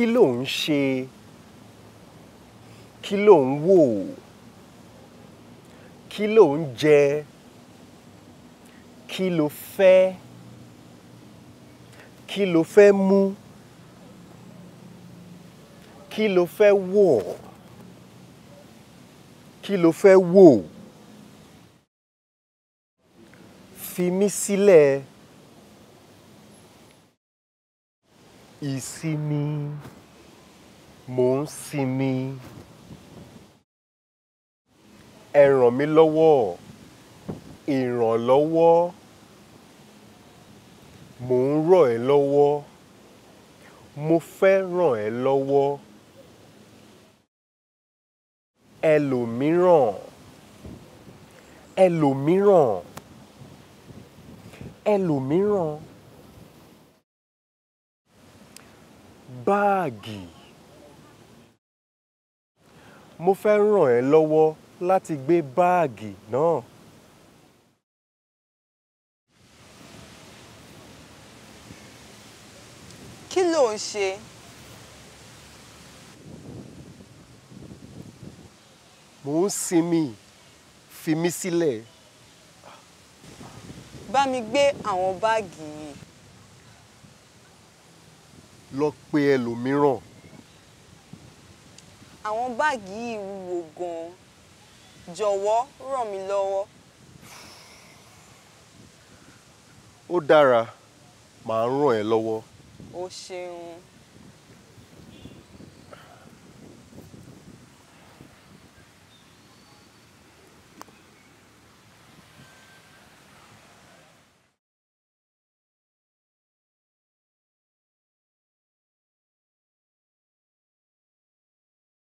kí ló ń ṣe kí ló ń wò kí ló ń jẹ kí ló fẹ́ kí ló fẹ́ mú kí ló fẹ́ wọ̀ kí ló fẹ́ wò fi mí sílẹ̀. Si ìsinmi mò ń sinmi ẹ ràn mí lọ́wọ́ ìrànlọ́wọ́ mò ń ràn ẹ́ lọ́wọ́ mo fẹ́ ràn ẹ́ lọ́wọ́ ẹlòmíràn ẹlòmíràn ẹlòmíràn. báàgì mo fẹ́ ràn ẹ́ lọ́wọ́ láti gbé báàgì náà. kí ló ń ṣe? mò ń sinmi fi mí sílẹ̀. bá mi gbé àwọn báàgì yìí lọ pe ẹlòmíràn. àwọn báàgì yìí wúwo gan-an jọ̀wọ́ ràn mí lọ́wọ́. ó dára màá ràn ẹ́ lọ́wọ́. o ṣeun.